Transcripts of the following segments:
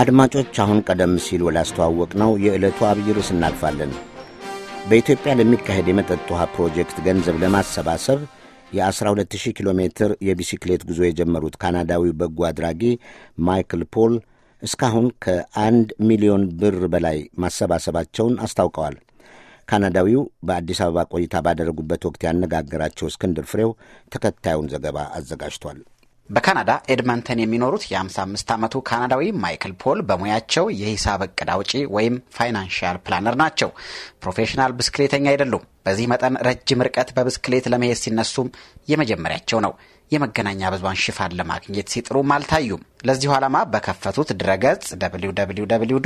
አድማጮች አሁን ቀደም ሲል ወላስተዋወቅ ነው የዕለቱ አብይ ርዕስ እናልፋለን። በኢትዮጵያ ለሚካሄድ የመጠጥ ውሃ ፕሮጀክት ገንዘብ ለማሰባሰብ የ12000 ኪሎ ሜትር የቢሲክሌት ጉዞ የጀመሩት ካናዳዊው በጎ አድራጊ ማይክል ፖል እስካሁን ከአንድ ሚሊዮን ብር በላይ ማሰባሰባቸውን አስታውቀዋል። ካናዳዊው በአዲስ አበባ ቆይታ ባደረጉበት ወቅት ያነጋገራቸው እስክንድር ፍሬው ተከታዩን ዘገባ አዘጋጅቷል። በካናዳ ኤድመንተን የሚኖሩት የ55 ዓመቱ ካናዳዊ ማይክል ፖል በሙያቸው የሂሳብ እቅድ አውጪ ወይም ፋይናንሽያል ፕላነር ናቸው። ፕሮፌሽናል ብስክሌተኛ አይደሉም። በዚህ መጠን ረጅም ርቀት በብስክሌት ለመሄድ ሲነሱም የመጀመሪያቸው ነው። የመገናኛ ብዙሃን ሽፋን ለማግኘት ሲጥሩም አልታዩም። ለዚሁ ዓላማ በከፈቱት ድረገጽ www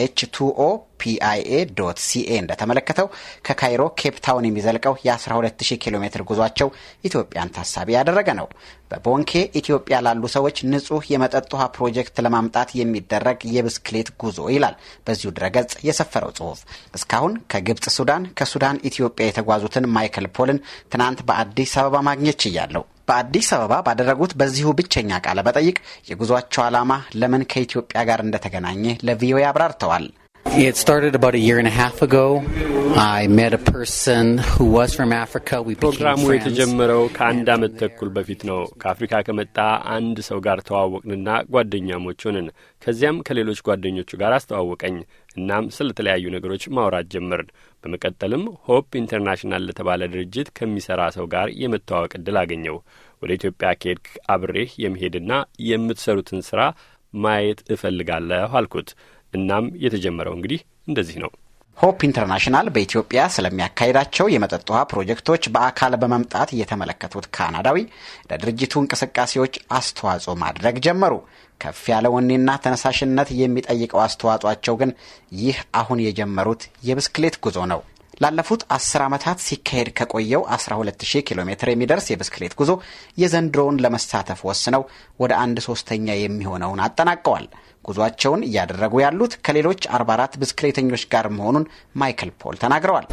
ኤች ቱኦ ፒአይኤ ሲኤ እንደተመለከተው ከካይሮ ኬፕታውን የሚዘልቀው የ12000 ኪሎ ሜትር ጉዟቸው ኢትዮጵያን ታሳቢ ያደረገ ነው። በቦንኬ ኢትዮጵያ ላሉ ሰዎች ንጹህ የመጠጥ ውሃ ፕሮጀክት ለማምጣት የሚደረግ የብስክሌት ጉዞ ይላል በዚሁ ድረገጽ የሰፈረው ጽሑፍ። እስካሁን ከግብፅ ሱዳን፣ ከሱዳን ኢትዮጵያ የተጓዙትን ማይክል ፖልን ትናንት በአዲስ አበባ ማግኘት ችያለሁ። በአዲስ አበባ ባደረጉት በዚሁ ብቸኛ ቃለ መጠይቅ የጉዟቸው ዓላማ ለምን ከኢትዮጵያ ጋር እንደተገናኘ ለቪኦኤ አብራርተዋል። It started about a year and a half ago. I met a person who was from Africa. We ፕሮግራሙ የተጀመረው ከአንድ አመት ተኩል በፊት ነው። ከአፍሪካ ከመጣ አንድ ሰው ጋር ተዋወቅንና ጓደኛሞች ሆንን። ከዚያም ከሌሎች ጓደኞቹ ጋር አስተዋወቀኝ። እናም ስለ ተለያዩ ነገሮች ማውራት ጀመርን። በመቀጠልም ሆፕ ኢንተርናሽናል ለተባለ ድርጅት ከሚሰራ ሰው ጋር የመተዋወቅ እድል አገኘው። ወደ ኢትዮጵያ ከሄድክ አብሬህ የመሄድና የምትሰሩትን ስራ ማየት እፈልጋለሁ አልኩት። እናም የተጀመረው እንግዲህ እንደዚህ ነው። ሆፕ ኢንተርናሽናል በኢትዮጵያ ስለሚያካሂዳቸው የመጠጥ ውሃ ፕሮጀክቶች በአካል በመምጣት እየተመለከቱት ካናዳዊ ለድርጅቱ እንቅስቃሴዎች አስተዋጽኦ ማድረግ ጀመሩ። ከፍ ያለ ወኔና ተነሳሽነት የሚጠይቀው አስተዋጽቸው ግን ይህ አሁን የጀመሩት የብስክሌት ጉዞ ነው። ላለፉት አስር ዓመታት ሲካሄድ ከቆየው 120 ኪሎ ሜትር የሚደርስ የብስክሌት ጉዞ የዘንድሮውን ለመሳተፍ ወስነው ወደ አንድ ሶስተኛ የሚሆነውን አጠናቀዋል። ጉዟቸውን እያደረጉ ያሉት ከሌሎች 44 ብስክሌተኞች ጋር መሆኑን ማይክል ፖል ተናግረዋል።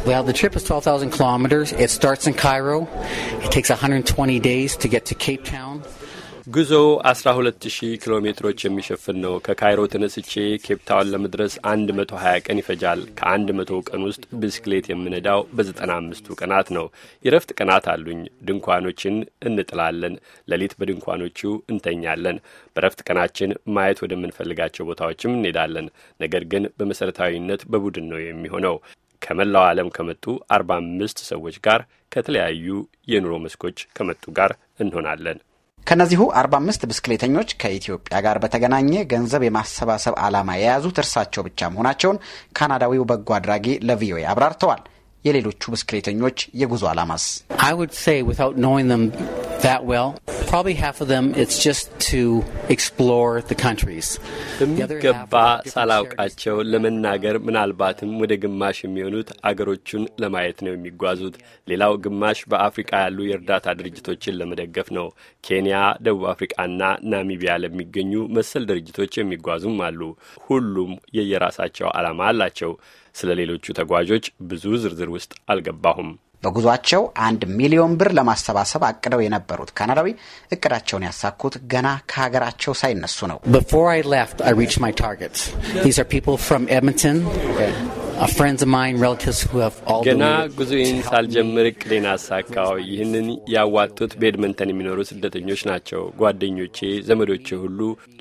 ጉዞ 12000 ኪሎ ሜትሮች የሚሸፍን ነው። ከካይሮ ተነስቼ ኬፕታውን ለመድረስ 120 ቀን ይፈጃል። ከ100 ቀን ውስጥ ብስክሌት የምነዳው በ95ቱ ቀናት ነው። የረፍት ቀናት አሉኝ። ድንኳኖችን እንጥላለን። ሌሊት በድንኳኖቹ እንተኛለን። በረፍት ቀናችን ማየት ወደምንፈልጋቸው ቦታዎችም እንሄዳለን። ነገር ግን በመሠረታዊነት በቡድን ነው የሚሆነው ከመላው ዓለም ከመጡ 45 ሰዎች ጋር ከተለያዩ የኑሮ መስኮች ከመጡ ጋር እንሆናለን። ከእነዚሁ 45 ብስክሌተኞች ከኢትዮጵያ ጋር በተገናኘ ገንዘብ የማሰባሰብ ዓላማ የያዙት እርሳቸው ብቻ መሆናቸውን ካናዳዊው በጎ አድራጊ ለቪኦኤ አብራርተዋል። የሌሎቹ ብስክሌተኞች የጉዞ ዓላማስ በሚገባ ሳላውቃቸው ለመናገር ምናልባትም ወደ ግማሽ የሚሆኑት አገሮቹን ለማየት ነው የሚጓዙት። ሌላው ግማሽ በአፍሪቃ ያሉ የእርዳታ ድርጅቶችን ለመደገፍ ነው። ኬንያ፣ ደቡብ አፍሪቃና ናሚቢያ ለሚገኙ መሰል ድርጅቶች የሚጓዙም አሉ። ሁሉም የየራሳቸው አላማ አላቸው። ስለ ሌሎቹ ተጓዦች ብዙ ዝርዝር ውስጥ አልገባሁም። በጉዟቸው አንድ ሚሊዮን ብር ለማሰባሰብ አቅደው የነበሩት ካናዳዊ እቅዳቸውን ያሳኩት ገና ከሀገራቸው ሳይነሱ ነው። ገና ጉዞዬን ሳልጀምር እቅዴን አሳካው። ይህንን ያዋጡት በኤድመንተን የሚኖሩ ስደተኞች ናቸው። ጓደኞቼ፣ ዘመዶቼ ሁሉ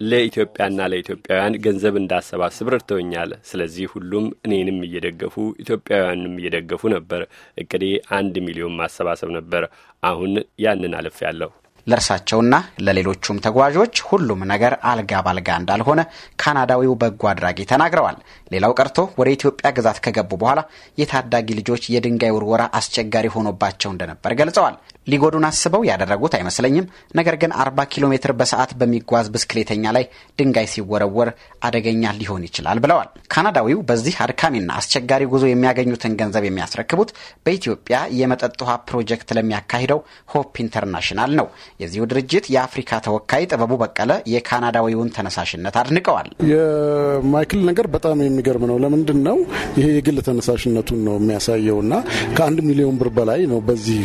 ለኢትዮጵያና ለኢትዮጵያውያን ገንዘብ እንዳሰባስብ ረድተውኛል። ስለዚህ ሁሉም እኔንም እየደገፉ ኢትዮጵያውያንም እየደገፉ ነበር። እቅዴ አንድ ሚሊዮን ማሰባሰብ ነበር። አሁን ያንን አልፍ አልፌያለሁ። ለእርሳቸውና ለሌሎቹም ተጓዦች ሁሉም ነገር አልጋ ባልጋ እንዳልሆነ ካናዳዊው በጎ አድራጊ ተናግረዋል። ሌላው ቀርቶ ወደ ኢትዮጵያ ግዛት ከገቡ በኋላ የታዳጊ ልጆች የድንጋይ ውርወራ አስቸጋሪ ሆኖባቸው እንደነበር ገልጸዋል። ሊጎዱን አስበው ያደረጉት አይመስለኝም። ነገር ግን 40 ኪሎ ሜትር በሰዓት በሚጓዝ ብስክሌተኛ ላይ ድንጋይ ሲወረወር አደገኛ ሊሆን ይችላል ብለዋል። ካናዳዊው በዚህ አድካሚና አስቸጋሪ ጉዞ የሚያገኙትን ገንዘብ የሚያስረክቡት በኢትዮጵያ የመጠጥ ውሃ ፕሮጀክት ለሚያካሂደው ሆፕ ኢንተርናሽናል ነው። የዚሁ ድርጅት የአፍሪካ ተወካይ ጥበቡ በቀለ የካናዳዊውን ተነሳሽነት አድንቀዋል። የማይክል ነገር በጣም የሚገርም ነው። ለምንድን ነው ይሄ የግል ተነሳሽነቱን ነው የሚያሳየውና ከአንድ ሚሊዮን ብር በላይ ነው በዚህ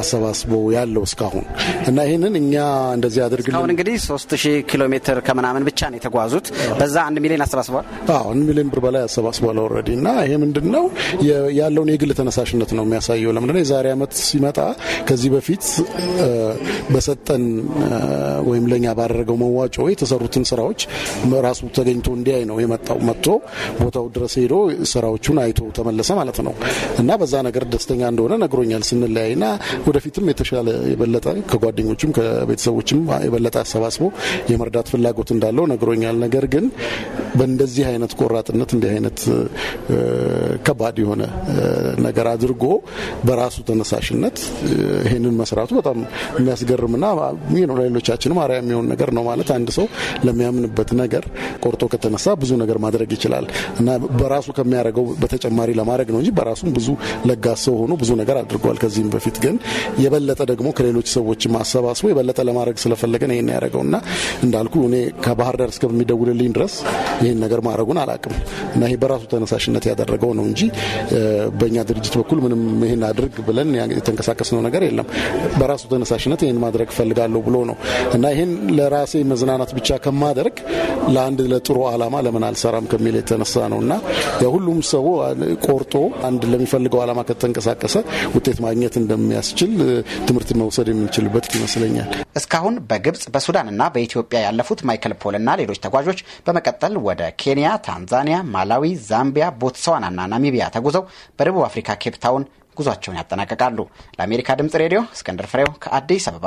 አሰባ ተሰባስቦ ያለው እስካሁን እና ይህንን እኛ እንደዚህ አድርግልን። አሁን እንግዲህ ሶስት ሺህ ኪሎ ሜትር ከምናምን ብቻ ነው የተጓዙት። በዛ አንድ ሚሊዮን አሰባስቧል አንድ ሚሊዮን ብር በላይ አሰባስበዋል ኦልሬዲ። እና ይሄ ምንድን ነው ያለውን የግል ተነሳሽነት ነው የሚያሳየው። ለምንድነው የዛሬ አመት ሲመጣ ከዚህ በፊት በሰጠን ወይም ለእኛ ባደረገው መዋጮ የተሰሩትን ስራዎች ራሱ ተገኝቶ እንዲያይ ነው የመጣው። መጥቶ ቦታው ድረስ ሄዶ ስራዎቹን አይቶ ተመለሰ ማለት ነው እና በዛ ነገር ደስተኛ እንደሆነ ነግሮኛል ስንለያይና ወደፊት በእርግጥም የተሻለ የበለጠ ከጓደኞችም ከቤተሰቦችም የበለጠ አሰባስቦ የመርዳት ፍላጎት እንዳለው ነግሮኛል። ነገር ግን በእንደዚህ አይነት ቆራጥነት እንዲህ አይነት ከባድ የሆነ ነገር አድርጎ በራሱ ተነሳሽነት ይህንን መስራቱ በጣም የሚያስገርምና ለሌሎቻችንም አርያ የሚሆን ነገር ነው። ማለት አንድ ሰው ለሚያምንበት ነገር ቆርጦ ከተነሳ ብዙ ነገር ማድረግ ይችላል እና በራሱ ከሚያደርገው በተጨማሪ ለማድረግ ነው እንጂ በራሱም ብዙ ለጋስ ሰው ሆኖ ብዙ ነገር አድርጓል። ከዚህም በፊት ግን የበለጠ ደግሞ ከሌሎች ሰዎች አሰባስቦ የበለጠ ለማድረግ ስለፈለገን ይህን ያደረገው እና እንዳልኩ እኔ ከባህር ዳር እስከሚደውልልኝ ድረስ ይህን ነገር ማድረጉን አላቅም እና ይሄ በራሱ ተነሳሽነት ያደረገው ነው እንጂ በእኛ ድርጅት በኩል ምንም ይህን አድርግ ብለን የተንቀሳቀስነው ነገር የለም። በራሱ ተነሳሽነት ይህን ማድረግ ፈልጋለሁ ብሎ ነው እና ይህን ለራሴ መዝናናት ብቻ ከማደርግ ለአንድ ለጥሩ አላማ ለምን አልሰራም ከሚል የተነሳ ነው እና የሁሉም ሰው ቆርጦ አንድ ለሚፈልገው አላማ ከተንቀሳቀሰ ውጤት ማግኘት እንደሚያስችል ትምህርት መውሰድ የምንችልበት ይመስለኛል። እስካሁን በግብጽ በሱዳንና በኢትዮጵያ ያለፉት ማይክል ፖልና ሌሎች ተጓዦች በመቀጠል ወደ ኬንያ፣ ታንዛኒያ፣ ማላዊ፣ ዛምቢያ፣ ቦትስዋናና ናሚቢያ ተጉዘው በደቡብ አፍሪካ ኬፕታውን ጉዟቸውን ያጠናቀቃሉ። ለአሜሪካ ድምጽ ሬዲዮ እስክንድር ፍሬው ከአዲስ አበባ